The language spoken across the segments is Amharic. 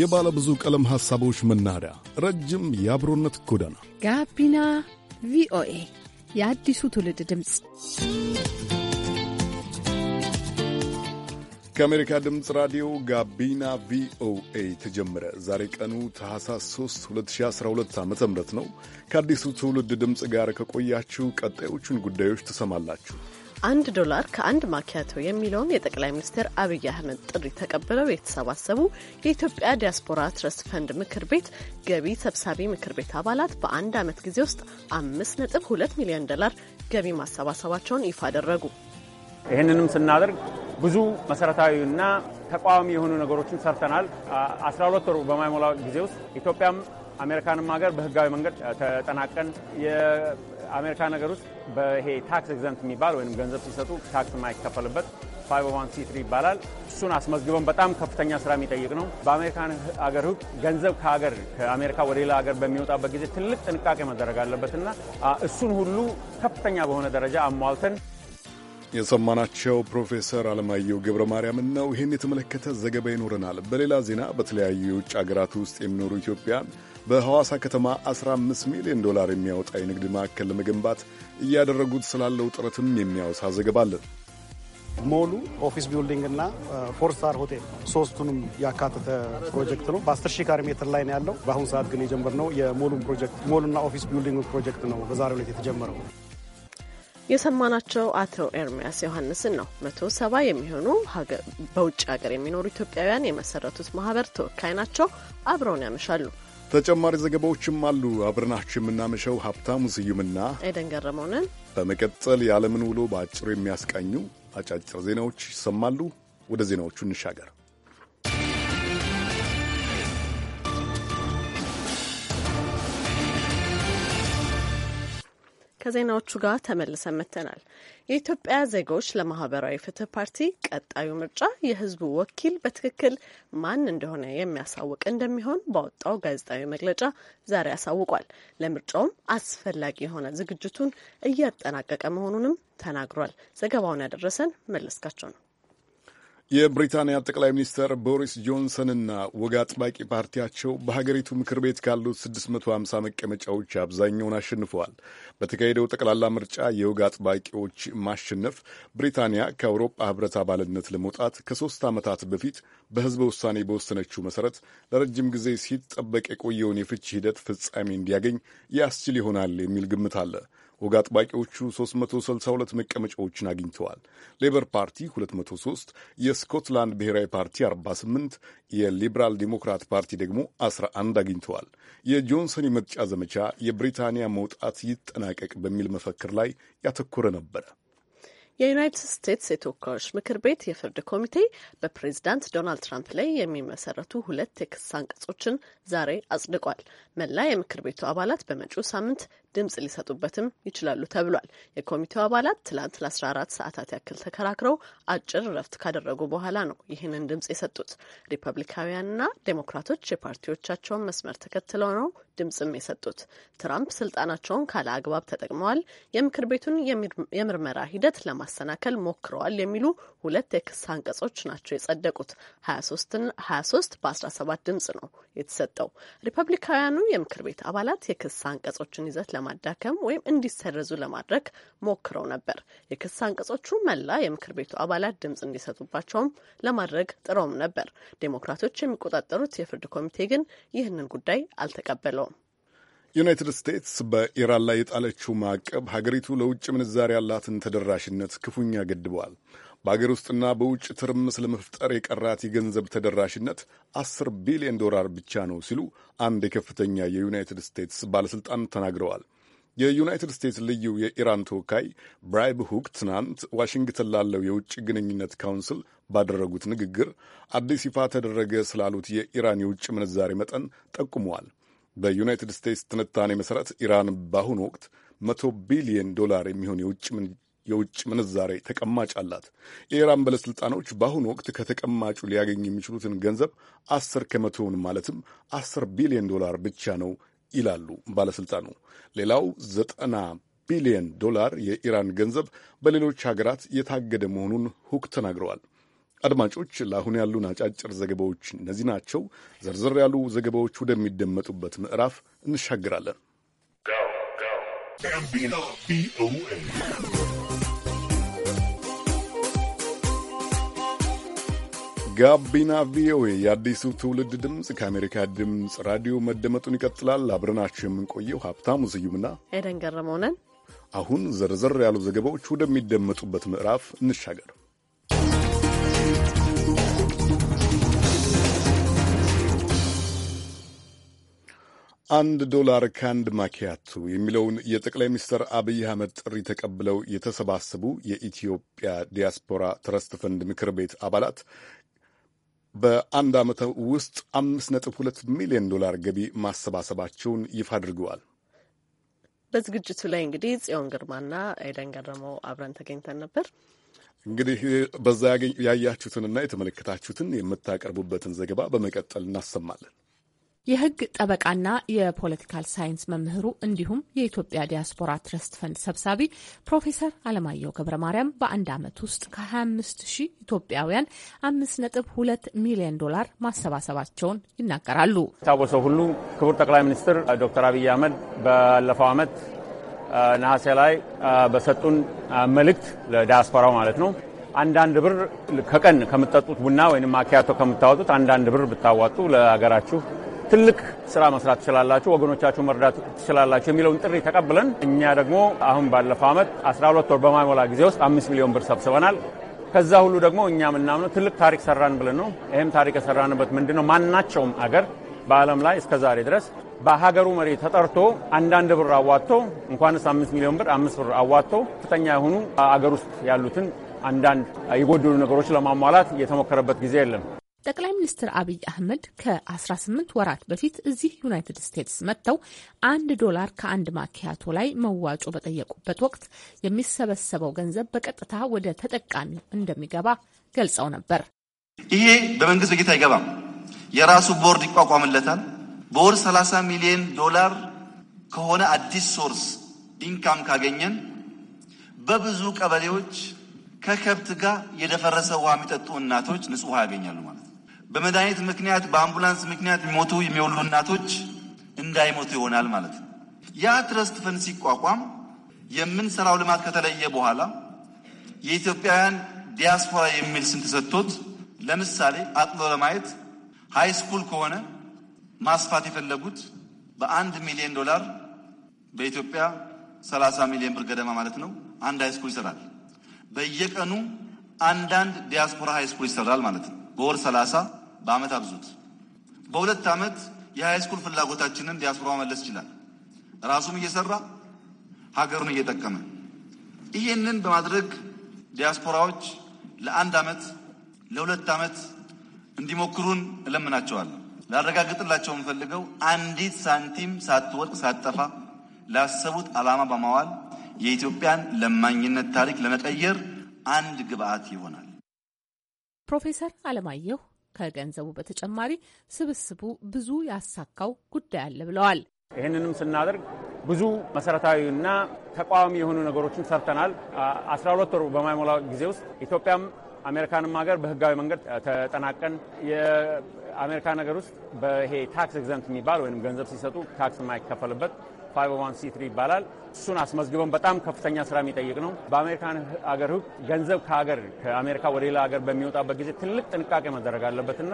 የባለ ብዙ ቀለም ሐሳቦች መናኸሪያ፣ ረጅም የአብሮነት ጎዳና ጋቢና ቪኦኤ የአዲሱ ትውልድ ድምፅ ከአሜሪካ ድምፅ ራዲዮ ጋቢና ቪኦኤ ተጀመረ። ዛሬ ቀኑ ታህሳስ 3 2012 ዓ ም ነው። ከአዲሱ ትውልድ ድምፅ ጋር ከቆያችሁ ቀጣዮቹን ጉዳዮች ትሰማላችሁ። አንድ ዶላር ከአንድ ማኪያቶ የሚለውን የጠቅላይ ሚኒስትር አብይ አህመድ ጥሪ ተቀብለው የተሰባሰቡ የኢትዮጵያ ዲያስፖራ ትረስት ፈንድ ምክር ቤት ገቢ ሰብሳቢ ምክር ቤት አባላት በአንድ ዓመት ጊዜ ውስጥ አምስት ነጥብ ሁለት ሚሊዮን ዶላር ገቢ ማሰባሰባቸውን ይፋ አደረጉ። ይህንንም ስናደርግ ብዙ መሰረታዊና ተቃዋሚ የሆኑ ነገሮችን ሰርተናል። 12 ወር በማይሞላ ጊዜ ውስጥ ኢትዮጵያም አሜሪካንም ሀገር በህጋዊ መንገድ ተጠናቀን አሜሪካ ነገር ውስጥ በይሄ ታክስ ኤግዘምት የሚባል ወይም ገንዘብ ሲሰጡ ታክስ የማይከፈልበት 501c3 ይባላል። እሱን አስመዝግበን በጣም ከፍተኛ ስራ የሚጠይቅ ነው። በአሜሪካን አገር ህግ ገንዘብ ከሀገር ከአሜሪካ ወደ ሌላ ሀገር በሚወጣበት ጊዜ ትልቅ ጥንቃቄ መደረግ አለበትና እሱን ሁሉ ከፍተኛ በሆነ ደረጃ አሟልተን የሰማናቸው ፕሮፌሰር አለማየሁ ገብረ ማርያምን ነው። ይህን የተመለከተ ዘገባ ይኖረናል። በሌላ ዜና በተለያዩ የውጭ አገራት ውስጥ የሚኖሩ ኢትዮጵያን በሐዋሳ ከተማ 15 ሚሊዮን ዶላር የሚያወጣ የንግድ ማዕከል ለመገንባት እያደረጉት ስላለው ጥረትም የሚያወሳ ዘገባ አለን። ሞሉ ኦፊስ ቢልዲንግ እና ፎር ስታር ሆቴል ሶስቱንም ያካተተ ፕሮጀክት ነው። በ10 ሺህ ካሬ ሜትር ላይ ነው ያለው። በአሁኑ ሰዓት ግን የጀመርነው የሞሉን ፕሮጀክት ሞሉና ኦፊስ ቢልዲንግ ፕሮጀክት ነው በዛሬው ዕለት የተጀመረው። የሰማናቸው አቶ ኤርሚያስ ዮሐንስን ነው። መቶ ሰባ የሚሆኑ በውጭ ሀገር የሚኖሩ ኢትዮጵያውያን የመሰረቱት ማህበር ተወካይ ናቸው። አብረውን ያመሻሉ። ተጨማሪ ዘገባዎችም አሉ። አብረናችሁ የምናመሸው ሀብታሙ ስዩምና ኤደን ገረመውንን። በመቀጠል የዓለምን ውሎ በአጭሩ የሚያስቃኙ አጫጭር ዜናዎች ይሰማሉ። ወደ ዜናዎቹ እንሻገር። ከዜናዎቹ ጋር ተመልሰን መጥተናል። የኢትዮጵያ ዜጎች ለማህበራዊ ፍትህ ፓርቲ ቀጣዩ ምርጫ የህዝቡ ወኪል በትክክል ማን እንደሆነ የሚያሳውቅ እንደሚሆን ባወጣው ጋዜጣዊ መግለጫ ዛሬ አሳውቋል። ለምርጫውም አስፈላጊ የሆነ ዝግጅቱን እያጠናቀቀ መሆኑንም ተናግሯል። ዘገባውን ያደረሰን መለስካቸው ነው። የብሪታንያ ጠቅላይ ሚኒስትር ቦሪስ ጆንሰንና ወግ አጥባቂ ፓርቲያቸው በሀገሪቱ ምክር ቤት ካሉት 650 መቀመጫዎች አብዛኛውን አሸንፈዋል። በተካሄደው ጠቅላላ ምርጫ የወግ አጥባቂዎች ማሸነፍ ብሪታንያ ከአውሮፓ ሕብረት አባልነት ለመውጣት ከሶስት ዓመታት በፊት በሕዝበ ውሳኔ በወሰነችው መሠረት ለረጅም ጊዜ ሲጠበቅ የቆየውን የፍቺ ሂደት ፍጻሜ እንዲያገኝ ያስችል ይሆናል የሚል ግምት አለ። ወግ አጥባቂዎቹ 362 መቀመጫዎችን አግኝተዋል። ሌበር ፓርቲ 203፣ የስኮትላንድ ብሔራዊ ፓርቲ 48፣ የሊብራል ዲሞክራት ፓርቲ ደግሞ 11 አግኝተዋል። የጆንሰን የምርጫ ዘመቻ የብሪታንያ መውጣት ይጠናቀቅ በሚል መፈክር ላይ ያተኮረ ነበረ። የዩናይትድ ስቴትስ የተወካዮች ምክር ቤት የፍርድ ኮሚቴ በፕሬዝዳንት ዶናልድ ትራምፕ ላይ የሚመሰረቱ ሁለት የክስ አንቀጾችን ዛሬ አጽድቋል። መላ የምክር ቤቱ አባላት በመጪው ሳምንት ድምጽ ሊሰጡበትም ይችላሉ ተብሏል። የኮሚቴው አባላት ትላንት ለ14 ሰዓታት ያክል ተከራክረው አጭር ረፍት ካደረጉ በኋላ ነው ይህንን ድምጽ የሰጡት። ሪፐብሊካውያንና ዴሞክራቶች የፓርቲዎቻቸውን መስመር ተከትለው ነው ድምጽም የሰጡት። ትራምፕ ስልጣናቸውን ካለ አግባብ ተጠቅመዋል፣ የምክር ቤቱን የምርመራ ሂደት ለማሰናከል ሞክረዋል የሚሉ ሁለት የክስ አንቀጾች ናቸው የጸደቁት። 23 በ17 ድምጽ ነው የተሰጠው። ሪፐብሊካውያኑ የምክር ቤት አባላት የክስ አንቀጾችን ይዘት ለማዳከም ወይም እንዲሰረዙ ለማድረግ ሞክረው ነበር። የክስ አንቀጾቹ መላ የምክር ቤቱ አባላት ድምፅ እንዲሰጡባቸውም ለማድረግ ጥረውም ነበር። ዴሞክራቶች የሚቆጣጠሩት የፍርድ ኮሚቴ ግን ይህንን ጉዳይ አልተቀበለውም። ዩናይትድ ስቴትስ በኢራን ላይ የጣለችው ማዕቀብ ሀገሪቱ ለውጭ ምንዛሪ ያላትን ተደራሽነት ክፉኛ ገድበዋል። በአገር ውስጥና በውጭ ትርምስ ለመፍጠር የቀራት የገንዘብ ተደራሽነት አስር ቢሊዮን ዶላር ብቻ ነው ሲሉ አንድ የከፍተኛ የዩናይትድ ስቴትስ ባለሥልጣን ተናግረዋል። የዩናይትድ ስቴትስ ልዩ የኢራን ተወካይ ብራይብ ሁክ ትናንት ዋሽንግተን ላለው የውጭ ግንኙነት ካውንስል ባደረጉት ንግግር አዲስ ይፋ ተደረገ ስላሉት የኢራን የውጭ ምንዛሬ መጠን ጠቁመዋል። በዩናይትድ ስቴትስ ትንታኔ መሠረት ኢራን በአሁኑ ወቅት መቶ ቢሊየን ዶላር የሚሆን የውጭ የውጭ ምንዛሬ ተቀማጭ አላት። የኢራን ባለሥልጣኖች በአሁኑ ወቅት ከተቀማጩ ሊያገኙ የሚችሉትን ገንዘብ አስር ከመቶውን ማለትም አስር ቢሊዮን ዶላር ብቻ ነው ይላሉ ባለሥልጣኑ። ሌላው ዘጠና ቢሊዮን ዶላር የኢራን ገንዘብ በሌሎች ሀገራት የታገደ መሆኑን ሁክ ተናግረዋል። አድማጮች ለአሁን ያሉን አጫጭር ዘገባዎች እነዚህ ናቸው። ዘርዘር ያሉ ዘገባዎች ወደሚደመጡበት ምዕራፍ እንሻግራለን። ቪኦኤ ጋቢና ቪኦኤ የአዲሱ ትውልድ ድምፅ ከአሜሪካ ድምፅ ራዲዮ መደመጡን ይቀጥላል። አብረናችሁ የምንቆየው ሀብታሙ ስዩምና ኤደን ገረመው ነን። አሁን ዘርዘር ያሉ ዘገባዎች ወደሚደመጡበት ምዕራፍ እንሻገር። አንድ ዶላር ከአንድ ማኪያቱ የሚለውን የጠቅላይ ሚኒስትር አብይ አህመድ ጥሪ ተቀብለው የተሰባሰቡ የኢትዮጵያ ዲያስፖራ ትረስት ፈንድ ምክር ቤት አባላት በአንድ ዓመት ውስጥ ሁለት ሚሊዮን ዶላር ገቢ ማሰባሰባቸውን ይፋ አድርገዋል። በዝግጅቱ ላይ እንግዲህ ጽዮን ግርማና አይደን ገረመው አብረን ተገኝተን ነበር። እንግዲህ በዛ ያያችሁትንና የተመለከታችሁትን የምታቀርቡበትን ዘገባ በመቀጠል እናሰማለን። የህግ ጠበቃና የፖለቲካል ሳይንስ መምህሩ እንዲሁም የኢትዮጵያ ዲያስፖራ ትረስት ፈንድ ሰብሳቢ ፕሮፌሰር አለማየሁ ገብረ ማርያም በአንድ ዓመት ውስጥ ከ25 ሺህ ኢትዮጵያውያን 5.2 ሚሊዮን ዶላር ማሰባሰባቸውን ይናገራሉ። የታወሰው ሁሉ ክቡር ጠቅላይ ሚኒስትር ዶክተር አብይ አህመድ ባለፈው ዓመት ነሐሴ ላይ በሰጡን መልእክት ለዲያስፖራው ማለት ነው አንዳንድ ብር ከቀን ከምትጠጡት ቡና ወይም ማኪያቶ ከምታወጡት አንዳንድ ብር ብታዋጡ ለሀገራችሁ ትልቅ ስራ መስራት ትችላላችሁ፣ ወገኖቻችሁ መርዳት ትችላላችሁ የሚለውን ጥሪ ተቀብለን እኛ ደግሞ አሁን ባለፈው ዓመት 12 ወር በማይሞላ ጊዜ ውስጥ አምስት ሚሊዮን ብር ሰብስበናል። ከዛ ሁሉ ደግሞ እኛ የምናምነው ትልቅ ታሪክ ሰራን ብለን ነው። ይህም ታሪክ የሰራንበት ምንድን ነው? ማናቸውም አገር በዓለም ላይ እስከ ዛሬ ድረስ በሀገሩ መሪ ተጠርቶ አንዳንድ ብር አዋጥቶ እንኳንስ አምስት ሚሊዮን ብር አምስት ብር አዋጥቶ ከፍተኛ የሆኑ አገር ውስጥ ያሉትን አንዳንድ የጎደሉ ነገሮች ለማሟላት የተሞከረበት ጊዜ የለም። ጠቅላይ ሚኒስትር አብይ አህመድ ከ18 ወራት በፊት እዚህ ዩናይትድ ስቴትስ መጥተው አንድ ዶላር ከአንድ ማኪያቶ ላይ መዋጮ በጠየቁበት ወቅት የሚሰበሰበው ገንዘብ በቀጥታ ወደ ተጠቃሚው እንደሚገባ ገልጸው ነበር። ይሄ በመንግስት በጀት አይገባም። የራሱ ቦርድ ይቋቋምለታል። በወር 30 ሚሊዮን ዶላር ከሆነ አዲስ ሶርስ ኢንካም ካገኘን በብዙ ቀበሌዎች ከከብት ጋር የደፈረሰ ውሃ የሚጠጡ እናቶች ንጹህ ውሃ ያገኛሉ ማለት ነው። በመድኃኒት ምክንያት በአምቡላንስ ምክንያት የሚሞቱ የሚወሉ እናቶች እንዳይሞቱ ይሆናል ማለት ነው። ያ ትረስት ፈን ሲቋቋም የምንሰራው ልማት ከተለየ በኋላ የኢትዮጵያውያን ዲያስፖራ የሚል ስም ተሰጥቶት ለምሳሌ አጥሎ ለማየት ሃይ ስኩል ከሆነ ማስፋት የፈለጉት በአንድ ሚሊዮን ዶላር በኢትዮጵያ 30 ሚሊዮን ብር ገደማ ማለት ነው። አንድ ሃይ ስኩል ይሰራል። በየቀኑ አንዳንድ ዲያስፖራ ሃይ ስኩል ይሰራል ማለት ነው በወር 30 በአመት አብዙት። በሁለት አመት የሃይስኩል ፍላጎታችንን ዲያስፖራ መለስ ይችላል። ራሱም እየሰራ ሀገሩን እየጠቀመ ይህንን በማድረግ ዲያስፖራዎች ለአንድ አመት ለሁለት አመት እንዲሞክሩን እለምናቸዋለሁ። ላረጋግጥላቸው የምፈልገው አንዲት ሳንቲም ሳትወድቅ ሳትጠፋ ላሰቡት ዓላማ በማዋል የኢትዮጵያን ለማኝነት ታሪክ ለመቀየር አንድ ግብአት ይሆናል። ፕሮፌሰር አለማየሁ ከገንዘቡ በተጨማሪ ስብስቡ ብዙ ያሳካው ጉዳይ አለ ብለዋል። ይህንንም ስናደርግ ብዙ መሰረታዊና ተቃዋሚ የሆኑ ነገሮችን ሰርተናል። 12 ወር በማይሞላ ጊዜ ውስጥ ኢትዮጵያም አሜሪካንም ሀገር በህጋዊ መንገድ ተጠናቀን የአሜሪካን ነገር ውስጥ በይሄ ታክስ ኤግዘምት የሚባል ወይም ገንዘብ ሲሰጡ ታክስ የማይከፈልበት 501c3 ይባላል። እሱን አስመዝግበን በጣም ከፍተኛ ስራ የሚጠይቅ ነው። በአሜሪካን አገር ህግ ገንዘብ ከሀገር ከአሜሪካ ወደ ሌላ ሀገር በሚወጣበት ጊዜ ትልቅ ጥንቃቄ መደረግ አለበትና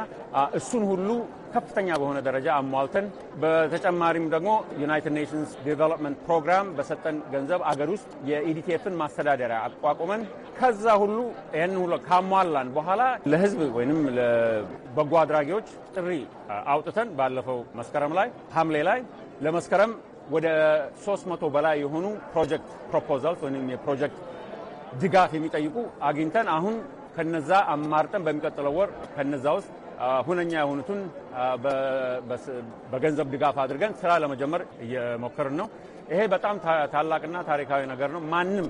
እሱን ሁሉ ከፍተኛ በሆነ ደረጃ አሟልተን በተጨማሪም ደግሞ ዩናይትድ ኔሽንስ ዲቨሎፕመንት ፕሮግራም በሰጠን ገንዘብ አገር ውስጥ የኢዲቲኤፍን ማስተዳደሪያ አቋቁመን ከዛ ሁሉ ይህን ሁሉ ካሟላን በኋላ ለህዝብ ወይም ለበጎ አድራጊዎች ጥሪ አውጥተን ባለፈው መስከረም ላይ ሐምሌ ላይ ለመስከረም ወደ 300 በላይ የሆኑ ፕሮጀክት ፕሮፖዛልስ ወይም የፕሮጀክት ድጋፍ የሚጠይቁ አግኝተን አሁን ከነዛ አማርጠን በሚቀጥለው ወር ከነዛ ውስጥ ሁነኛ የሆኑትን በገንዘብ ድጋፍ አድርገን ስራ ለመጀመር እየሞከርን ነው። ይሄ በጣም ታላቅና ታሪካዊ ነገር ነው። ማንም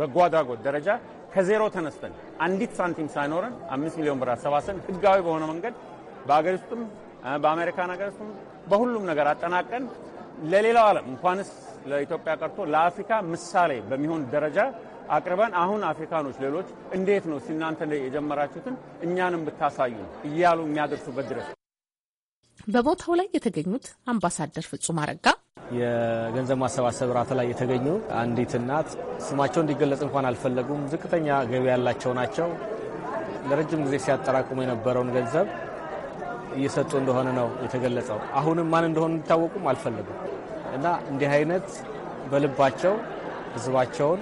በጎ አድራጎት ደረጃ ከዜሮ ተነስተን አንዲት ሳንቲም ሳይኖረን አምስት ሚሊዮን ብር አሰባሰን ህጋዊ በሆነ መንገድ በአገር ውስጥም በአሜሪካን ሀገር ውስጥም በሁሉም ነገር አጠናቀን ለሌላው ዓለም እንኳንስ ለኢትዮጵያ ቀርቶ ለአፍሪካ ምሳሌ በሚሆን ደረጃ አቅርበን አሁን አፍሪካኖች ሌሎች እንዴት ነው ሲናንተ የጀመራችሁትን እኛንም ብታሳዩ እያሉ የሚያደርሱበት ድረስ በቦታው ላይ የተገኙት አምባሳደር ፍጹም አረጋ የገንዘብ ማሰባሰብ ራት ላይ የተገኙ አንዲት እናት ስማቸው እንዲገለጽ እንኳን አልፈለጉም። ዝቅተኛ ገቢ ያላቸው ናቸው። ለረጅም ጊዜ ሲያጠራቅሙ የነበረውን ገንዘብ እየሰጡ እንደሆነ ነው የተገለጸው። አሁንም ማን እንደሆኑ እንዲታወቁም አልፈልግም እና እንዲህ አይነት በልባቸው ህዝባቸውን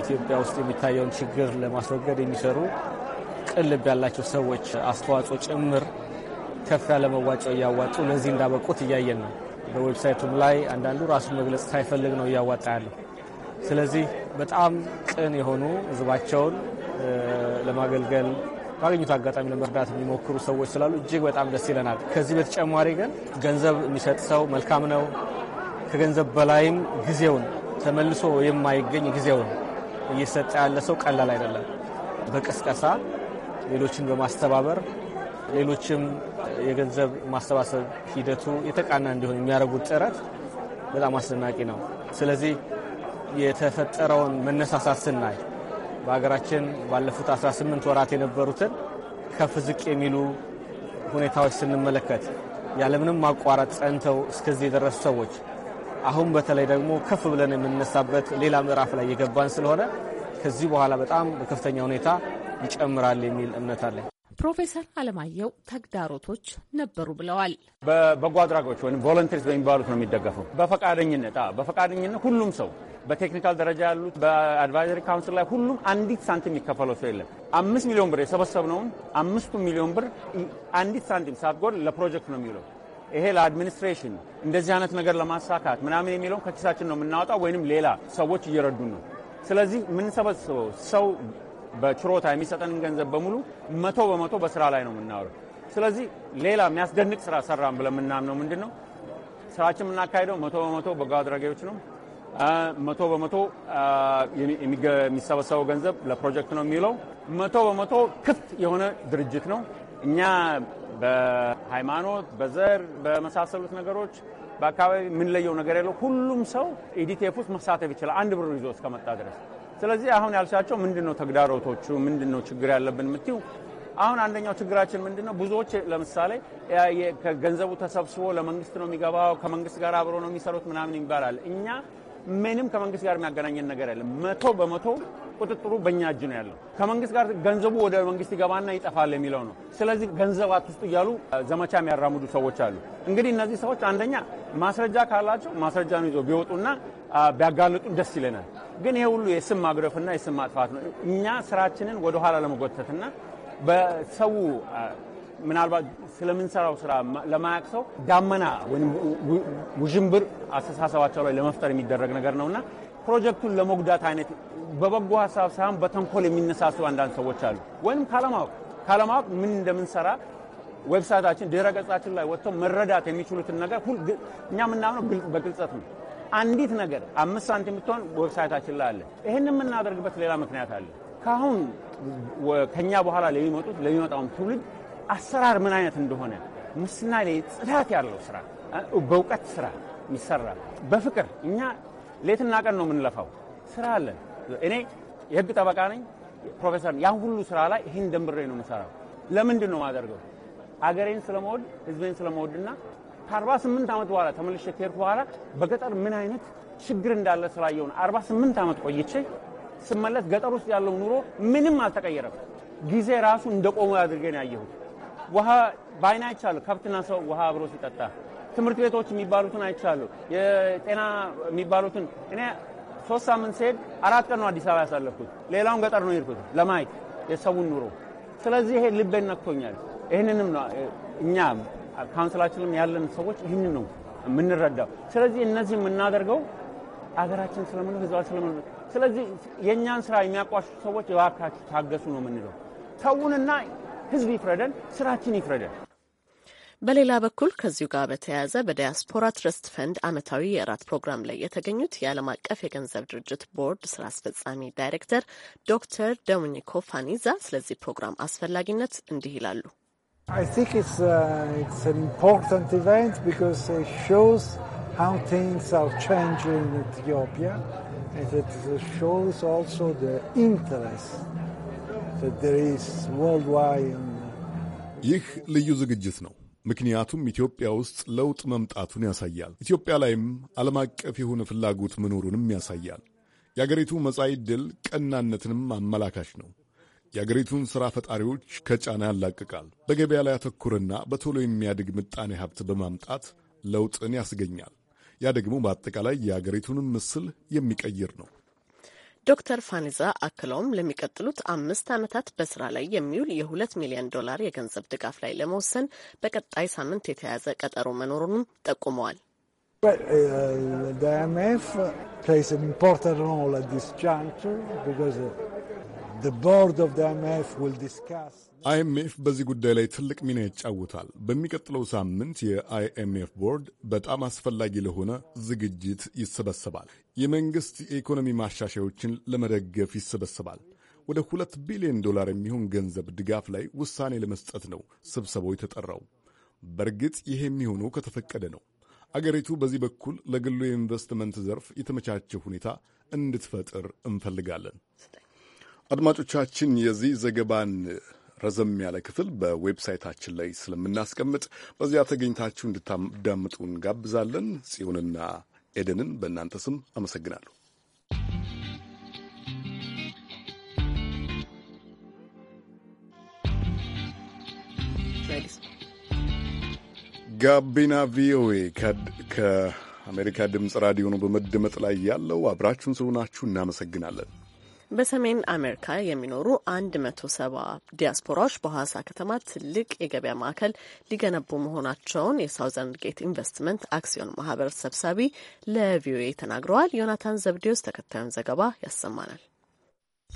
ኢትዮጵያ ውስጥ የሚታየውን ችግር ለማስወገድ የሚሰሩ ቅን ልብ ያላቸው ሰዎች አስተዋጽኦ ጭምር ከፍ ያለ መዋጮ እያዋጡ ለዚህ እንዳበቁት እያየን ነው። በዌብሳይቱም ላይ አንዳንዱ ራሱን መግለጽ ሳይፈልግ ነው እያዋጣ ያለው። ስለዚህ በጣም ቅን የሆኑ ህዝባቸውን ለማገልገል ባገኙት አጋጣሚ ለመርዳት የሚሞክሩ ሰዎች ስላሉ እጅግ በጣም ደስ ይለናል። ከዚህ በተጨማሪ ግን ገንዘብ የሚሰጥ ሰው መልካም ነው። ከገንዘብ በላይም ጊዜውን ተመልሶ የማይገኝ ጊዜውን እየሰጠ ያለ ሰው ቀላል አይደለም። በቀስቀሳ ሌሎችን በማስተባበር ሌሎችም የገንዘብ ማሰባሰብ ሂደቱ የተቃና እንዲሆን የሚያደርጉት ጥረት በጣም አስደናቂ ነው። ስለዚህ የተፈጠረውን መነሳሳት ስናይ በሀገራችን ባለፉት 18 ወራት የነበሩትን ከፍ ዝቅ የሚሉ ሁኔታዎች ስንመለከት ያለምንም ማቋረጥ ጸንተው እስከዚህ የደረሱ ሰዎች አሁን በተለይ ደግሞ ከፍ ብለን የምንነሳበት ሌላ ምዕራፍ ላይ የገባን ስለሆነ ከዚህ በኋላ በጣም በከፍተኛ ሁኔታ ይጨምራል የሚል እምነት አለን። ፕሮፌሰር አለማየሁ ተግዳሮቶች ነበሩ ብለዋል። በበጎ አድራጎች ወይም ቮለንተሪስ በሚባሉት ነው የሚደገፈው። በፈቃደኝነት በፈቃደኝነት ሁሉም ሰው በቴክኒካል ደረጃ ያሉት በአድቫይዘሪ ካውንስል ላይ ሁሉም አንዲት ሳንቲም የሚከፈለው ሰው የለም። አምስት ሚሊዮን ብር የሰበሰብነውን አምስቱ ሚሊዮን ብር አንዲት ሳንቲም ሳትጎድ ለፕሮጀክት ነው የሚውለው። ይሄ ለአድሚኒስትሬሽን እንደዚህ አይነት ነገር ለማሳካት ምናምን የሚለውን ከኪሳችን ነው የምናወጣው፣ ወይንም ሌላ ሰዎች እየረዱ ነው። ስለዚህ የምንሰበስበው ሰው በችሮታ የሚሰጠንን ገንዘብ በሙሉ መቶ በመቶ በስራ ላይ ነው የምናውለው። ስለዚህ ሌላ የሚያስደንቅ ስራ ሰራን ብለን የምናምነው ምንድን ነው? ስራችን የምናካሄደው መቶ በመቶ በጎ አድራጊዎች ነው። መቶ በመቶ የሚሰበሰበው ገንዘብ ለፕሮጀክት ነው የሚውለው። መቶ በመቶ ክፍት የሆነ ድርጅት ነው። እኛ በሃይማኖት፣ በዘር፣ በመሳሰሉት ነገሮች በአካባቢ የምንለየው ነገር ያለው ሁሉም ሰው ኢዲቴፍ ውስጥ መሳተፍ ይችላል አንድ ብር ይዞ እስከመጣ ድረስ ስለዚህ አሁን ያልሻቸው ምንድን ነው ተግዳሮቶቹ ምንድን ነው ችግር ያለብን የምትዩ አሁን አንደኛው ችግራችን ምንድን ነው? ብዙዎች ለምሳሌ ገንዘቡ ተሰብስቦ ለመንግስት ነው የሚገባው፣ ከመንግስት ጋር አብሮ ነው የሚሰሩት ምናምን ይባላል። እኛ ምንም ከመንግስት ጋር የሚያገናኘን ነገር የለም። መቶ በመቶ ቁጥጥሩ በእኛ እጅ ነው ያለው። ከመንግስት ጋር ገንዘቡ ወደ መንግስት ይገባና ይጠፋል የሚለው ነው። ስለዚህ ገንዘብ አትስጡ እያሉ ዘመቻ የሚያራምዱ ሰዎች አሉ። እንግዲህ እነዚህ ሰዎች አንደኛ ማስረጃ ካላቸው ማስረጃ ነው ይዞ ቢወጡና ቢያጋልጡን ደስ ይለናል። ግን ይሄ ሁሉ የስም ማግረፍና የስም ማጥፋት ነው። እኛ ስራችንን ወደኋላ ለመጎተትና በሰው ምናልባት ስለምንሰራው ስራ ለማያቅ ሰው ዳመና ወይም ውዥንብር አስተሳሰባቸው ላይ ለመፍጠር የሚደረግ ነገር እና ፕሮጀክቱን ለመጉዳት አይነት በበጎ ሀሳብ ሳይሆን በተንኮል የሚነሳሱ አንዳንድ ሰዎች አሉ። ወይም ካለማወቅ ካለማወቅ ምን እንደምንሰራ ዌብሳይታችን ድረ ገጻችን ላይ ወጥተው መረዳት የሚችሉትን ነገር እኛ የምናምነው በግልጸት ነው። አንዲት ነገር አምስት ሳንቲም የምትሆን ዌብሳይታችን ላይ አለ። ይህን የምናደርግበት ሌላ ምክንያት አለ። ከአሁን ከኛ በኋላ ለሚመጡት ለሚመጣውም ትውልድ አሰራር ምን አይነት እንደሆነ ሙስና ላይ ጽዳት ያለው ስራ በእውቀት ስራ የሚሰራ በፍቅር እኛ ሌትና ቀን ነው የምንለፋው። ስራ አለን። እኔ የህግ ጠበቃ ነኝ ፕሮፌሰር። ያን ሁሉ ስራ ላይ ይህን ደንብሬ ነው የምሰራው። ለምንድን ነው የማደርገው? አገሬን ስለመወድ ህዝቤን ስለመወድና ከ48 ዓመት በኋላ ተመልሼ ከሄድኩ በኋላ በገጠር ምን አይነት ችግር እንዳለ ስላየውን 48 ዓመት ቆይቼ ስመለስ ገጠር ውስጥ ያለው ኑሮ ምንም አልተቀየረም። ጊዜ ራሱ እንደ ቆሞ አድርገን ያየሁት ውሃ በአይን አይቻለሁ። ከብትና ሰው ውሃ አብሮ ሲጠጣ ትምህርት ቤቶች የሚባሉትን አይቻለሁ። የጤና የሚባሉትን እኔ ሶስት ሳምንት ሲሄድ አራት ቀን ነው አዲስ አበባ ያሳለፍኩት። ሌላውን ገጠር ነው የሄድኩት ለማየት የሰውን ኑሮ። ስለዚህ ይሄ ልቤን ነክቶኛል። ይህንንም ነው እኛ ካውንስላችንም ያለን ሰዎች ይህን ነው የምንረዳው። ስለዚህ እነዚህ የምናደርገው አገራችን ስለምን ህዝባ ስለምን ስለዚህ የእኛን ስራ የሚያቋሹ ሰዎች የባካችሁ ታገሱ ነው የምንለው። ሰውንና ህዝብ ይፍረደን፣ ስራችን ይፍረደን። በሌላ በኩል ከዚሁ ጋር በተያያዘ በዲያስፖራ ትረስት ፈንድ ዓመታዊ የእራት ፕሮግራም ላይ የተገኙት የዓለም አቀፍ የገንዘብ ድርጅት ቦርድ ስራ አስፈጻሚ ዳይሬክተር ዶክተር ዶሚኒኮ ፋኒዛ ስለዚህ ፕሮግራም አስፈላጊነት እንዲህ ይላሉ። I think it's, uh, it's an important event because it shows how things are changing in Ethiopia. And it shows also the interest that there is worldwide. ይህ ልዩ ዝግጅት ነው። ምክንያቱም ኢትዮጵያ ውስጥ ለውጥ መምጣቱን ያሳያል። ኢትዮጵያ ላይም ዓለም አቀፍ የሆነ ፍላጎት መኖሩንም ያሳያል። የአገሪቱ መጻኢ ዕድል ቀናነትንም አመላካሽ ነው። የአገሪቱን ሥራ ፈጣሪዎች ከጫና ያላቅቃል። በገበያ ላይ ያተኩርና በቶሎ የሚያድግ ምጣኔ ሀብት በማምጣት ለውጥን ያስገኛል። ያ ደግሞ በአጠቃላይ የአገሪቱንም ምስል የሚቀይር ነው። ዶክተር ፋኒዛ አክለውም ለሚቀጥሉት አምስት ዓመታት በስራ ላይ የሚውል የሁለት ሚሊዮን ዶላር የገንዘብ ድጋፍ ላይ ለመወሰን በቀጣይ ሳምንት የተያዘ ቀጠሮ መኖሩንም ጠቁመዋል። uh, አይኤምኤፍ በዚህ ጉዳይ ላይ ትልቅ ሚና ይጫወታል። በሚቀጥለው ሳምንት የአይኤምኤፍ ቦርድ በጣም አስፈላጊ ለሆነ ዝግጅት ይሰበሰባል። የመንግሥት የኢኮኖሚ ማሻሻዮችን ለመደገፍ ይሰበሰባል። ወደ ሁለት ቢሊዮን ዶላር የሚሆን ገንዘብ ድጋፍ ላይ ውሳኔ ለመስጠት ነው ስብሰባው የተጠራው። በእርግጥ ይሄ የሚሆነው ከተፈቀደ ነው። አገሪቱ በዚህ በኩል ለግሉ የኢንቨስትመንት ዘርፍ የተመቻቸ ሁኔታ እንድትፈጥር እንፈልጋለን። አድማጮቻችን የዚህ ዘገባን ረዘም ያለ ክፍል በዌብሳይታችን ላይ ስለምናስቀምጥ በዚያ ተገኝታችሁ እንድታዳምጡ እንጋብዛለን። ጽዮንና ኤደንን በእናንተ ስም አመሰግናለሁ። ጋቢና ቪኦኤ ከአሜሪካ ድምፅ ራዲዮ ነው በመደመጥ ላይ ያለው። አብራችሁን ስለሆናችሁ እናመሰግናለን። በሰሜን አሜሪካ የሚኖሩ አንድ መቶ ሰባ ዲያስፖራዎች በሐዋሳ ከተማ ትልቅ የገበያ ማዕከል ሊገነቡ መሆናቸውን የሳውዘርን ጌት ኢንቨስትመንት አክሲዮን ማህበር ሰብሳቢ ለቪኦኤ ተናግረዋል። ዮናታን ዘብዴዎስ ተከታዩን ዘገባ ያሰማናል።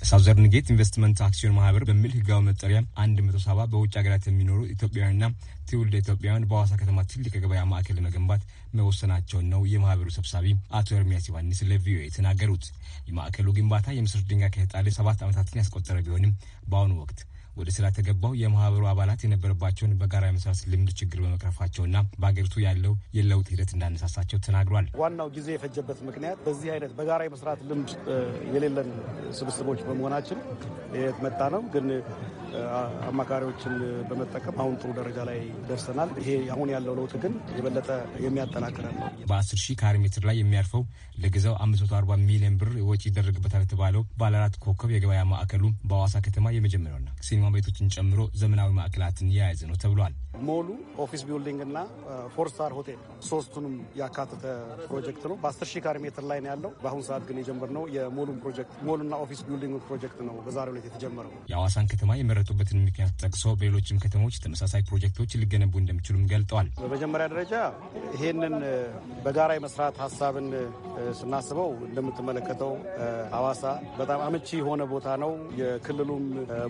ሳውዘርን ጌት ኢንቨስትመንት አክሲዮን ማህበር በሚል ህጋዊ መጠሪያ 170 በውጭ ሀገራት የሚኖሩ ኢትዮጵያውያንና ትውልደ ኢትዮጵያውያን በሐዋሳ ከተማ ትልቅ የገበያ ማዕከል ለመገንባት መወሰናቸውን ነው የማህበሩ ሰብሳቢ አቶ ኤርሚያስ ዮሐንስ ለቪኦኤ የተናገሩት። የማዕከሉ ግንባታ የምስር ድንጋይ ከተጣለ ሰባት ዓመታትን ያስቆጠረ ቢሆንም በአሁኑ ወቅት ወደ ስራ ተገባው የማህበሩ አባላት የነበረባቸውን በጋራ የመስራት ልምድ ችግር በመቅረፋቸውና በአገሪቱ ያለው የለውጥ ሂደት እንዳነሳሳቸው ተናግሯል። ዋናው ጊዜ የፈጀበት ምክንያት በዚህ አይነት በጋራ የመስራት ልምድ የሌለን ስብስቦች በመሆናችን መጣ ነው። ግን አማካሪዎችን በመጠቀም አሁን ጥሩ ደረጃ ላይ ደርሰናል። ይሄ አሁን ያለው ለውጥ ግን የበለጠ የሚያጠናክረን ነው በአስር ሺህ ካሬ ሜትር ላይ የሚያርፈው ለግዛው 540 ሚሊዮን ብር ወጪ ይደረግበታል የተባለው ባለአራት ኮከብ የገበያ ማዕከሉ በአዋሳ ከተማ የመጀመሪያው ነው። መኖሪያ ቤቶችን ጨምሮ ዘመናዊ ማዕከላትን የያዘ ነው ተብሏል። ሞሉ ኦፊስ ቢልዲንግ እና ፎር ስታር ሆቴል ሶስቱንም ያካተተ ፕሮጀክት ነው። በ10 ሺህ ካሬ ሜትር ላይ ነው ያለው። በአሁኑ ሰዓት ግን የጀመርነው የሞሉን ፕሮጀክት ሞሉና ኦፊስ ቢልዲንግ ፕሮጀክት ነው በዛሬው ዕለት የተጀመረው። የአዋሳን ከተማ የመረጡበትን ምክንያት ጠቅሶ በሌሎችም ከተሞች ተመሳሳይ ፕሮጀክቶች ሊገነቡ እንደሚችሉም ገልጠዋል። በመጀመሪያ ደረጃ ይሄንን በጋራ የመስራት ሀሳብን ስናስበው እንደምትመለከተው አዋሳ በጣም አመቺ የሆነ ቦታ ነው። የክልሉም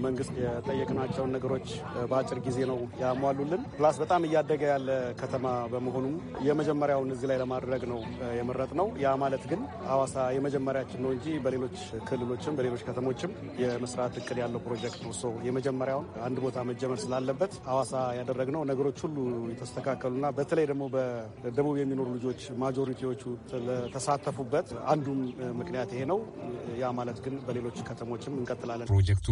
መንግስት የጠየቅናቸውን ነገሮች በአጭር ጊዜ ነው ያሟሉልን። ፕላስ በጣም እያደገ ያለ ከተማ በመሆኑ የመጀመሪያውን እዚህ ላይ ለማድረግ ነው የመረጥ ነው። ያ ማለት ግን ሐዋሳ የመጀመሪያችን ነው እንጂ በሌሎች ክልሎችም በሌሎች ከተሞችም የመስራት እቅድ ያለው ፕሮጀክት ነው። የመጀመሪያውን አንድ ቦታ መጀመር ስላለበት ሐዋሳ ያደረግነው ነገሮች ሁሉ የተስተካከሉና በተለይ ደግሞ በደቡብ የሚኖሩ ልጆች ማጆሪቲዎቹ ተሳተፉበት አንዱም ምክንያት ይሄ ነው። ያ ማለት ግን በሌሎች ከተሞችም እንቀጥላለን። ፕሮጀክቱ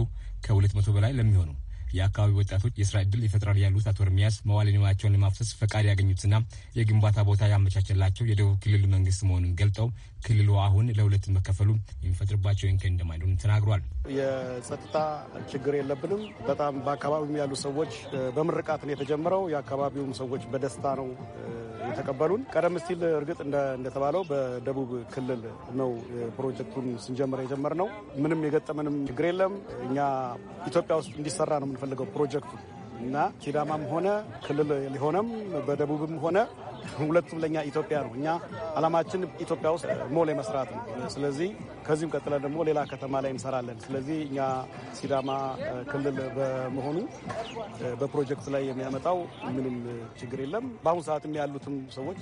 ከሁለት መቶ በላይ ለሚሆኑ የአካባቢ ወጣቶች የስራ ዕድል ይፈጥራል ያሉት አቶ እርሚያስ መዋለ ንዋያቸውን ለማፍሰስ ፈቃድ ያገኙትና የግንባታ ቦታ ያመቻቸላቸው የደቡብ ክልል መንግስት መሆኑን ገልጠው ክልሉ አሁን ለሁለት መከፈሉ የሚፈጥርባቸው እንከን እንደማይሆኑ ተናግሯል። የጸጥታ ችግር የለብንም። በጣም በአካባቢውም ያሉ ሰዎች በምርቃት ነው የተጀመረው። የአካባቢውም ሰዎች በደስታ ነው የተቀበሉን። ቀደም ሲል እርግጥ እንደተባለው በደቡብ ክልል ነው ፕሮጀክቱን ስንጀምር የጀመርነው። ምንም የገጠምንም ችግር የለም። እኛ ኢትዮጵያ ውስጥ እንዲሰራ ነው የምንፈልገው ፕሮጀክቱ እና ሲዳማም ሆነ ክልል ሊሆነም በደቡብም ሆነ ሁለቱም ለእኛ ኢትዮጵያ ነው። እኛ አላማችን ኢትዮጵያ ውስጥ ሞል የመስራት ነው። ስለዚህ ከዚህም ቀጥለን ደግሞ ሌላ ከተማ ላይ እንሰራለን። ስለዚህ እኛ ሲዳማ ክልል በመሆኑ በፕሮጀክት ላይ የሚያመጣው ምንም ችግር የለም። በአሁኑ ሰዓትም ያሉትም ሰዎች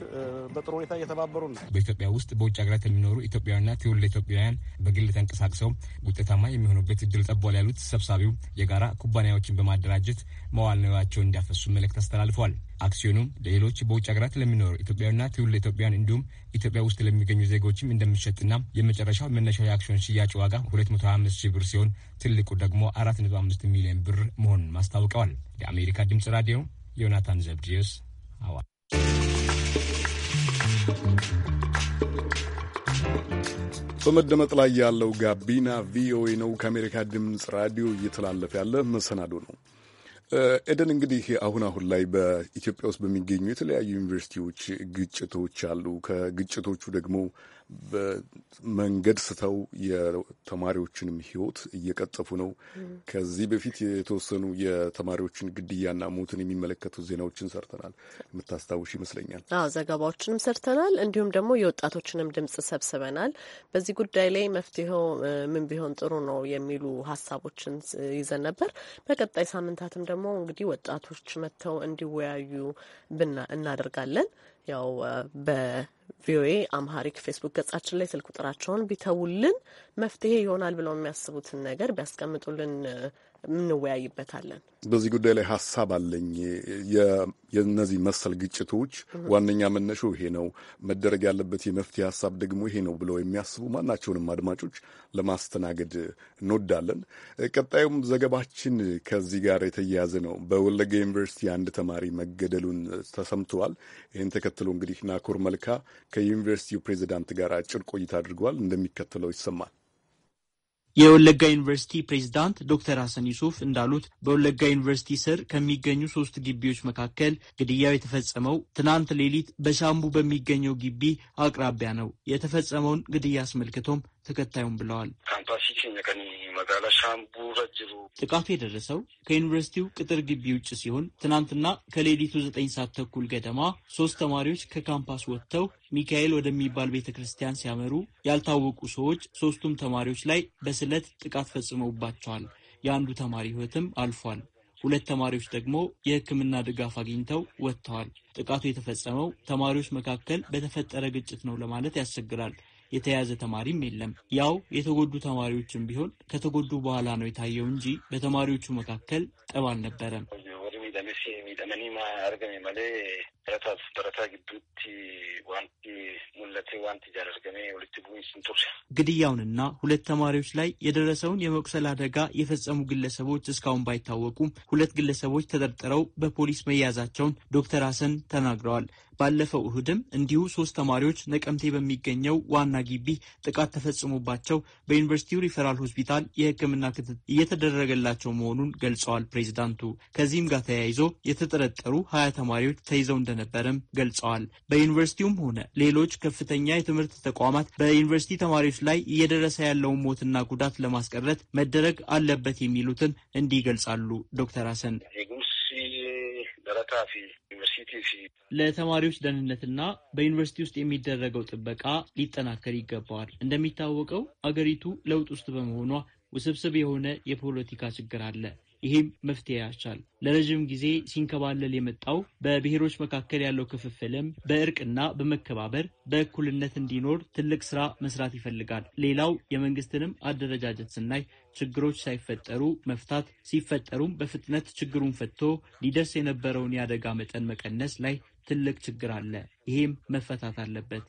በጥሩ ሁኔታ እየተባበሩ ነው። በኢትዮጵያ ውስጥ በውጭ ሀገራት የሚኖሩ ኢትዮጵያውያንና ትውልደ ኢትዮጵያውያን በግል ተንቀሳቅሰው ውጤታማ የሚሆኑበት እድል ጠቧል ያሉት ሰብሳቢው የጋራ ኩባንያዎችን በማደራጀት መዋል ንዋያቸውን እንዲያፈሱ መልእክት አስተላልፈዋል። አክሲዮኑም ለሌሎች በውጭ ሀገራት ለሚኖሩ ኢትዮጵያና ትውልደ ኢትዮጵያን እንዲሁም ኢትዮጵያ ውስጥ ለሚገኙ ዜጎችም እንደሚሸጥና የመጨረሻው መነሻው የአክሲዮን ሽያጭ ዋጋ 225 ሺህ ብር ሲሆን ትልቁ ደግሞ 4.5 ሚሊዮን ብር መሆኑን ማስታውቀዋል። የአሜሪካ ድምጽ ራዲዮ፣ ዮናታን ዘብድዮስ አዋል። በመደመጥ ላይ ያለው ጋቢና ቪኦኤ ነው። ከአሜሪካ ድምፅ ራዲዮ እየተላለፈ ያለ መሰናዶ ነው። ኤደን እንግዲህ አሁን አሁን ላይ በኢትዮጵያ ውስጥ በሚገኙ የተለያዩ ዩኒቨርሲቲዎች ግጭቶች አሉ። ከግጭቶቹ ደግሞ መንገድ ስተው የተማሪዎችንም ህይወት እየቀጠፉ ነው። ከዚህ በፊት የተወሰኑ የተማሪዎችን ግድያና ሞትን የሚመለከቱ ዜናዎችን ሰርተናል። የምታስታውሽ ይመስለኛል። አዎ ዘገባዎችንም ሰርተናል። እንዲሁም ደግሞ የወጣቶችንም ድምጽ ሰብስበናል። በዚህ ጉዳይ ላይ መፍትሄው ምን ቢሆን ጥሩ ነው የሚሉ ሀሳቦችን ይዘን ነበር። በቀጣይ ሳምንታትም ደግሞ እንግዲህ ወጣቶች መጥተው እንዲወያዩ እናደርጋለን ያው ቪኦኤ አምሃሪክ ፌስቡክ ገጻችን ላይ ስልክ ቁጥራቸውን ቢተውልን መፍትሄ ይሆናል ብለው የሚያስቡትን ነገር ቢያስቀምጡልን እንወያይበታለን። በዚህ ጉዳይ ላይ ሀሳብ አለኝ። የእነዚህ መሰል ግጭቶች ዋነኛ መነሾ ይሄ ነው፣ መደረግ ያለበት የመፍትሄ ሀሳብ ደግሞ ይሄ ነው ብለው የሚያስቡ ማናቸውንም አድማጮች ለማስተናገድ እንወዳለን። ቀጣዩም ዘገባችን ከዚህ ጋር የተያያዘ ነው። በወለጋ ዩኒቨርሲቲ አንድ ተማሪ መገደሉን ተሰምተዋል። ይህን ተከትሎ እንግዲህ ናኮር መልካ ከዩኒቨርሲቲው ፕሬዚዳንት ጋር አጭር ቆይታ አድርገዋል። እንደሚከተለው ይሰማል። የወለጋ ዩኒቨርሲቲ ፕሬዚዳንት ዶክተር ሀሰን ዩሱፍ እንዳሉት በወለጋ ዩኒቨርሲቲ ስር ከሚገኙ ሶስት ግቢዎች መካከል ግድያው የተፈጸመው ትናንት ሌሊት በሻምቡ በሚገኘው ግቢ አቅራቢያ ነው። የተፈጸመውን ግድያ አስመልክቶም ተከታዩም ብለዋል። ጥቃቱ የደረሰው ከዩኒቨርሲቲው ቅጥር ግቢ ውጭ ሲሆን ትናንትና ከሌሊቱ ዘጠኝ ሰዓት ተኩል ገደማ ሶስት ተማሪዎች ከካምፓስ ወጥተው ሚካኤል ወደሚባል ቤተ ክርስቲያን ሲያመሩ ያልታወቁ ሰዎች ሶስቱም ተማሪዎች ላይ በስለት ጥቃት ፈጽመውባቸዋል። የአንዱ ተማሪ ሕይወትም አልፏል። ሁለት ተማሪዎች ደግሞ የሕክምና ድጋፍ አግኝተው ወጥተዋል። ጥቃቱ የተፈጸመው ተማሪዎች መካከል በተፈጠረ ግጭት ነው ለማለት ያስቸግራል። የተያዘ ተማሪም የለም። ያው የተጎዱ ተማሪዎችም ቢሆን ከተጎዱ በኋላ ነው የታየው እንጂ በተማሪዎቹ መካከል ጠብ አልነበረም። Kanaaf barataa gidduutti wanti mul'atee wanti jaalargamee walitti bu'iinsin ture. ግድያውንና ሁለት ተማሪዎች ላይ የደረሰውን የመቁሰል አደጋ የፈጸሙ ግለሰቦች እስካሁን ባይታወቁም ሁለት ግለሰቦች ተጠርጥረው በፖሊስ መያዛቸውን ዶክተር ሀሰን ተናግረዋል። ባለፈው እሁድም እንዲሁ ሶስት ተማሪዎች ነቀምቴ በሚገኘው ዋና ግቢ ጥቃት ተፈጽሞባቸው በዩኒቨርሲቲው ሪፈራል ሆስፒታል የሕክምና ክትትል እየተደረገላቸው መሆኑን ገልጸዋል ፕሬዚዳንቱ። ከዚህም ጋር ተያይዞ የተጠረጠሩ ሀያ ተማሪዎች ተይዘው እንደ እንደነበረም ገልጸዋል። በዩኒቨርሲቲውም ሆነ ሌሎች ከፍተኛ የትምህርት ተቋማት በዩኒቨርሲቲ ተማሪዎች ላይ እየደረሰ ያለውን ሞትና ጉዳት ለማስቀረት መደረግ አለበት የሚሉትን እንዲህ ይገልጻሉ ዶክተር ሀሰን ለተማሪዎች ደህንነትና በዩኒቨርሲቲ ውስጥ የሚደረገው ጥበቃ ሊጠናከር ይገባዋል። እንደሚታወቀው አገሪቱ ለውጥ ውስጥ በመሆኗ ውስብስብ የሆነ የፖለቲካ ችግር አለ። ይህም መፍትሄ ያቻል። ለረዥም ጊዜ ሲንከባለል የመጣው በብሔሮች መካከል ያለው ክፍፍልም በእርቅና በመከባበር በእኩልነት እንዲኖር ትልቅ ስራ መስራት ይፈልጋል። ሌላው የመንግስትንም አደረጃጀት ስናይ ችግሮች ሳይፈጠሩ መፍታት፣ ሲፈጠሩም በፍጥነት ችግሩን ፈቶ ሊደርስ የነበረውን የአደጋ መጠን መቀነስ ላይ ትልቅ ችግር አለ። ይህም መፈታት አለበት።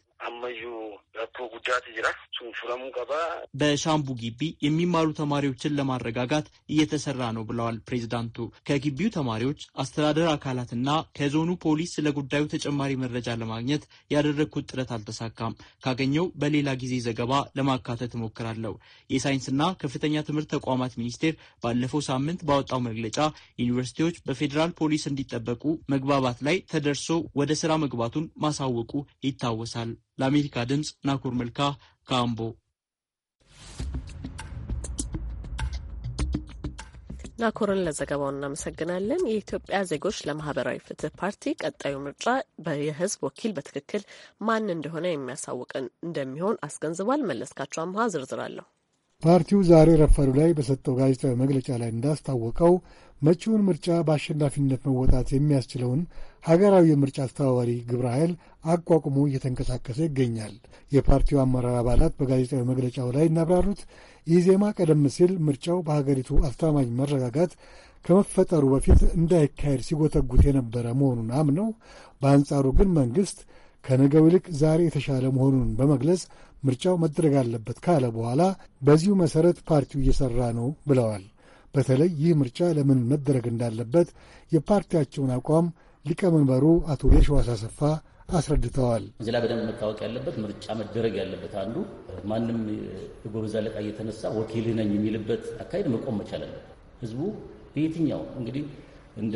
በሻምቡ ግቢ የሚማሩ ተማሪዎችን ለማረጋጋት እየተሰራ ነው ብለዋል ፕሬዚዳንቱ። ከግቢው ተማሪዎች፣ አስተዳደር አካላትና ከዞኑ ፖሊስ ለጉዳዩ ተጨማሪ መረጃ ለማግኘት ያደረግኩት ጥረት አልተሳካም። ካገኘው በሌላ ጊዜ ዘገባ ለማካተት እሞክራለሁ። የሳይንስና ከፍተኛ ትምህርት ተቋማት ሚኒስቴር ባለፈው ሳምንት ባወጣው መግለጫ ዩኒቨርሲቲዎች በፌዴራል ፖሊስ እንዲጠበቁ መግባባት ላይ ተደርሶ ወደ ስራ መግባቱን ማሳወቁ ይታወሳል። ለአሜሪካ ድምፅ ናኩር መልካ ካምቦ ናኮርን ለዘገባው እናመሰግናለን። የኢትዮጵያ ዜጎች ለማህበራዊ ፍትህ ፓርቲ ቀጣዩ ምርጫ የህዝብ ወኪል በትክክል ማን እንደሆነ የሚያሳውቅ እንደሚሆን አስገንዝቧል። መለስካቸው አምሃ ዝርዝር አለሁ ፓርቲው ዛሬ ረፋዱ ላይ በሰጠው ጋዜጣዊ መግለጫ ላይ እንዳስታወቀው መጪውን ምርጫ በአሸናፊነት መወጣት የሚያስችለውን ሀገራዊ የምርጫ አስተባባሪ ግብረ ኃይል አቋቁሞ እየተንቀሳቀሰ ይገኛል። የፓርቲው አመራር አባላት በጋዜጣዊ መግለጫው ላይ እናብራሩት ኢዜማ ቀደም ሲል ምርጫው በሀገሪቱ አስተማማኝ መረጋጋት ከመፈጠሩ በፊት እንዳይካሄድ ሲጎተጉት የነበረ መሆኑን አምነው፣ በአንጻሩ ግን መንግሥት ከነገው ይልቅ ዛሬ የተሻለ መሆኑን በመግለጽ ምርጫው መደረግ አለበት ካለ በኋላ በዚሁ መሠረት ፓርቲው እየሠራ ነው ብለዋል። በተለይ ይህ ምርጫ ለምን መደረግ እንዳለበት የፓርቲያቸውን አቋም ሊቀመንበሩ አቶ የሸዋስ አሰፋ አስረድተዋል። እዚህ ላይ በደንብ መታወቅ ያለበት ምርጫ መደረግ ያለበት አንዱ ማንም የጎበዝ አለቃ እየተነሳ ወኪል ነኝ የሚልበት አካሄድ መቆም መቻል አለበት። ህዝቡ በየትኛው እንግዲህ እንደ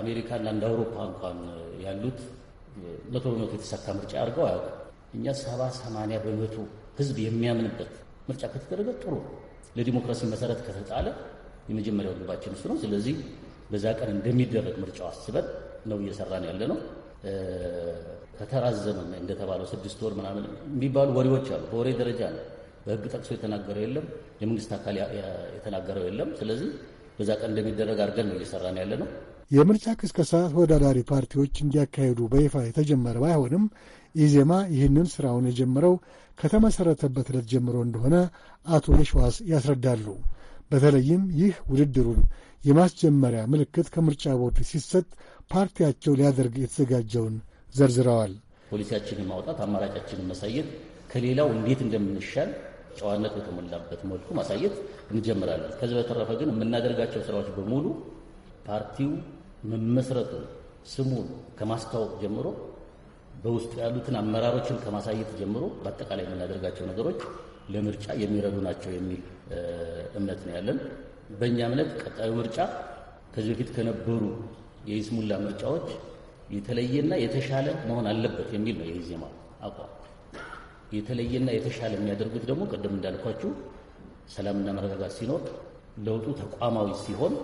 አሜሪካና እንደ አውሮፓ እንኳን ያሉት መቶ በመቶ የተሳካ ምርጫ አድርገው አያውቁም። እኛ ሰባ ሰማንያ በመቶ ህዝብ የሚያምንበት ምርጫ ከተደረገ ጥሩ ለዲሞክራሲ መሰረት ከተጣለ የመጀመሪያው ግባችን እሱ ነው። ስለዚህ በዛ ቀን እንደሚደረግ ምርጫው አስበን ነው እየሰራን ያለ ነው። ከተራዘመ እንደተባለው ስድስት ወር ምናምን የሚባሉ ወሬዎች አሉ። በወሬ ደረጃ ነው። በህግ ጠቅሶ የተናገረው የለም፣ የመንግስት አካል የተናገረው የለም። ስለዚህ በዛ ቀን እንደሚደረግ አድርገን ነው እየሰራን ያለ ነው። የምርጫ ቅስቀሳ ተወዳዳሪ ፓርቲዎች እንዲያካሄዱ በይፋ የተጀመረ ባይሆንም ኢዜማ ይህንን ስራውን የጀመረው ከተመሠረተበት ዕለት ጀምሮ እንደሆነ አቶ የሸዋስ ያስረዳሉ። በተለይም ይህ ውድድሩን የማስጀመሪያ ምልክት ከምርጫ ቦርድ ሲሰጥ ፓርቲያቸው ሊያደርግ የተዘጋጀውን ዘርዝረዋል። ፖሊሲያችንን ማውጣት፣ አማራጫችንን ማሳየት፣ ከሌላው እንዴት እንደምንሻል ጨዋነት በተሞላበት መልኩ ማሳየት እንጀምራለን። ከዚህ በተረፈ ግን የምናደርጋቸው ስራዎች በሙሉ ፓርቲው መመስረቱን ስሙን ከማስተዋወቅ ጀምሮ በውስጡ ያሉትን አመራሮችን ከማሳየት ጀምሮ በአጠቃላይ የምናደርጋቸው ነገሮች ለምርጫ የሚረዱ ናቸው የሚል እምነት ነው ያለን። በእኛ እምነት ቀጣዩ ምርጫ ከዚህ በፊት ከነበሩ የይስሙላ ምርጫዎች የተለየና የተሻለ መሆን አለበት የሚል ነው የኢዜማ አቋም። የተለየና የተሻለ የሚያደርጉት ደግሞ ቅድም እንዳልኳችሁ ሰላምና መረጋጋት ሲኖር፣ ለውጡ ተቋማዊ ሲሆን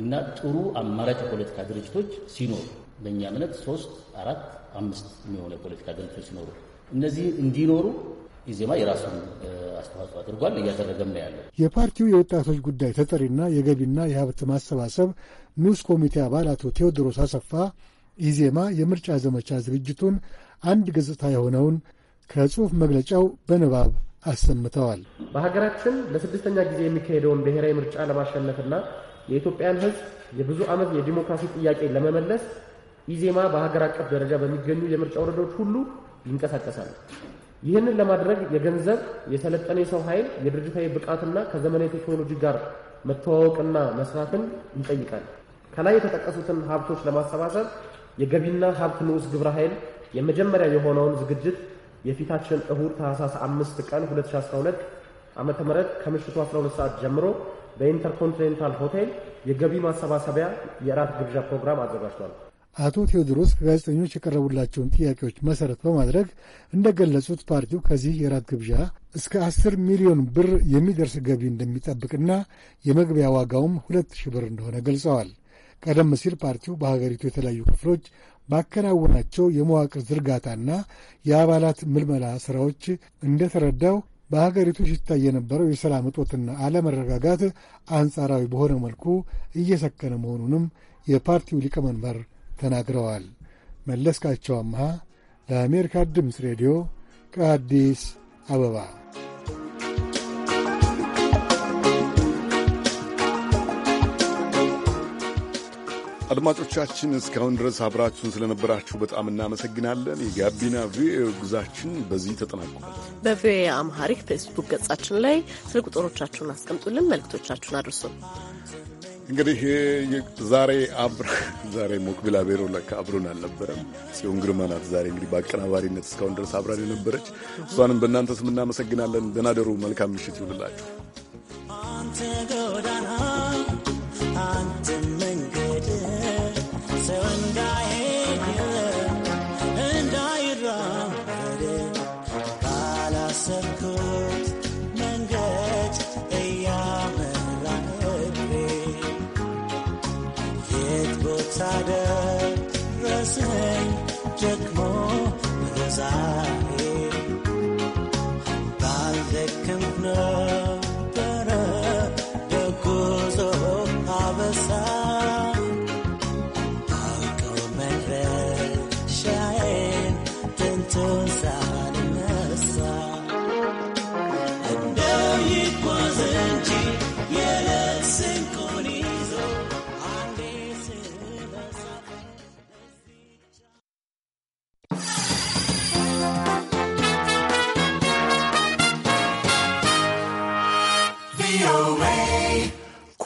እና ጥሩ አማራጭ የፖለቲካ ድርጅቶች ሲኖሩ በእኛ እምነት ሶስት፣ አራት፣ አምስት የሚሆኑ የፖለቲካ ድርጅቶች ሲኖሩ እነዚህ እንዲኖሩ ኢዜማ የራሱን አስተዋጽኦ አድርጓል እያደረገም ነው ያለው። የፓርቲው የወጣቶች ጉዳይ ተጠሪና የገቢና የሀብት ማሰባሰብ ንዑስ ኮሚቴ አባል አቶ ቴዎድሮስ አሰፋ ኢዜማ የምርጫ ዘመቻ ዝግጅቱን አንድ ገጽታ የሆነውን ከጽሑፍ መግለጫው በንባብ አሰምተዋል። በሀገራችን ለስድስተኛ ጊዜ የሚካሄደውን ብሔራዊ ምርጫ ለማሸነፍና የኢትዮጵያን ህዝብ የብዙ ዓመት የዲሞክራሲ ጥያቄ ለመመለስ ኢዜማ በሀገር አቀፍ ደረጃ በሚገኙ የምርጫ ወረዳዎች ሁሉ ይንቀሳቀሳል። ይህንን ለማድረግ የገንዘብ፣ የሰለጠነ የሰው ኃይል፣ የድርጅታዊ ብቃትና ከዘመናዊ ቴክኖሎጂ ጋር መተዋወቅና መስራትን ይጠይቃል። ከላይ የተጠቀሱትን ሀብቶች ለማሰባሰብ የገቢና ሀብት ንዑስ ግብረ ኃይል የመጀመሪያ የሆነውን ዝግጅት የፊታችን እሁድ ታህሳስ 5 ቀን 2012 ዓ ም ከምሽቱ 12 ሰዓት ጀምሮ በኢንተርኮንቲኔንታል ሆቴል የገቢ ማሰባሰቢያ የእራት ግብዣ ፕሮግራም አዘጋጅቷል። አቶ ቴዎድሮስ ከጋዜጠኞች የቀረቡላቸውን ጥያቄዎች መሰረት በማድረግ እንደገለጹት ፓርቲው ከዚህ የራት ግብዣ እስከ አስር ሚሊዮን ብር የሚደርስ ገቢ እንደሚጠብቅና የመግቢያ ዋጋውም ሁለት ሺህ ብር እንደሆነ ገልጸዋል። ቀደም ሲል ፓርቲው በሀገሪቱ የተለያዩ ክፍሎች ባከናወናቸው የመዋቅር ዝርጋታና የአባላት ምልመላ ስራዎች እንደተረዳው በሀገሪቱ ሲታይ የነበረው የሰላም እጦትና አለመረጋጋት አንጻራዊ በሆነ መልኩ እየሰከነ መሆኑንም የፓርቲው ሊቀመንበር ተናግረዋል። መለስካቸው አምሃ ለአሜሪካ ድምፅ ሬዲዮ ከአዲስ አበባ አድማጮቻችን እስካሁን ድረስ አብራችሁን ስለነበራችሁ በጣም እናመሰግናለን። የጋቢና ቪኦኤ ጉዛችን በዚህ ተጠናቋል። በቪኦኤ አምሃሪክ ፌስቡክ ገጻችን ላይ ስልክ ቁጥሮቻችሁን አስቀምጡልን፣ መልእክቶቻችሁን አድርሱን። እንግዲህ ዛሬ ዛሬ ሞክቢላ ቤሮ ለካ አብሮን አልነበረም። ጽዮን ግርማ ናት ዛሬ እንግዲህ በአቀናባሪነት እስካሁን ድረስ አብራን የነበረች እሷንም በእናንተ ስም እናመሰግናለን። ደናደሩ መልካም ምሽት ይሁንላችሁ።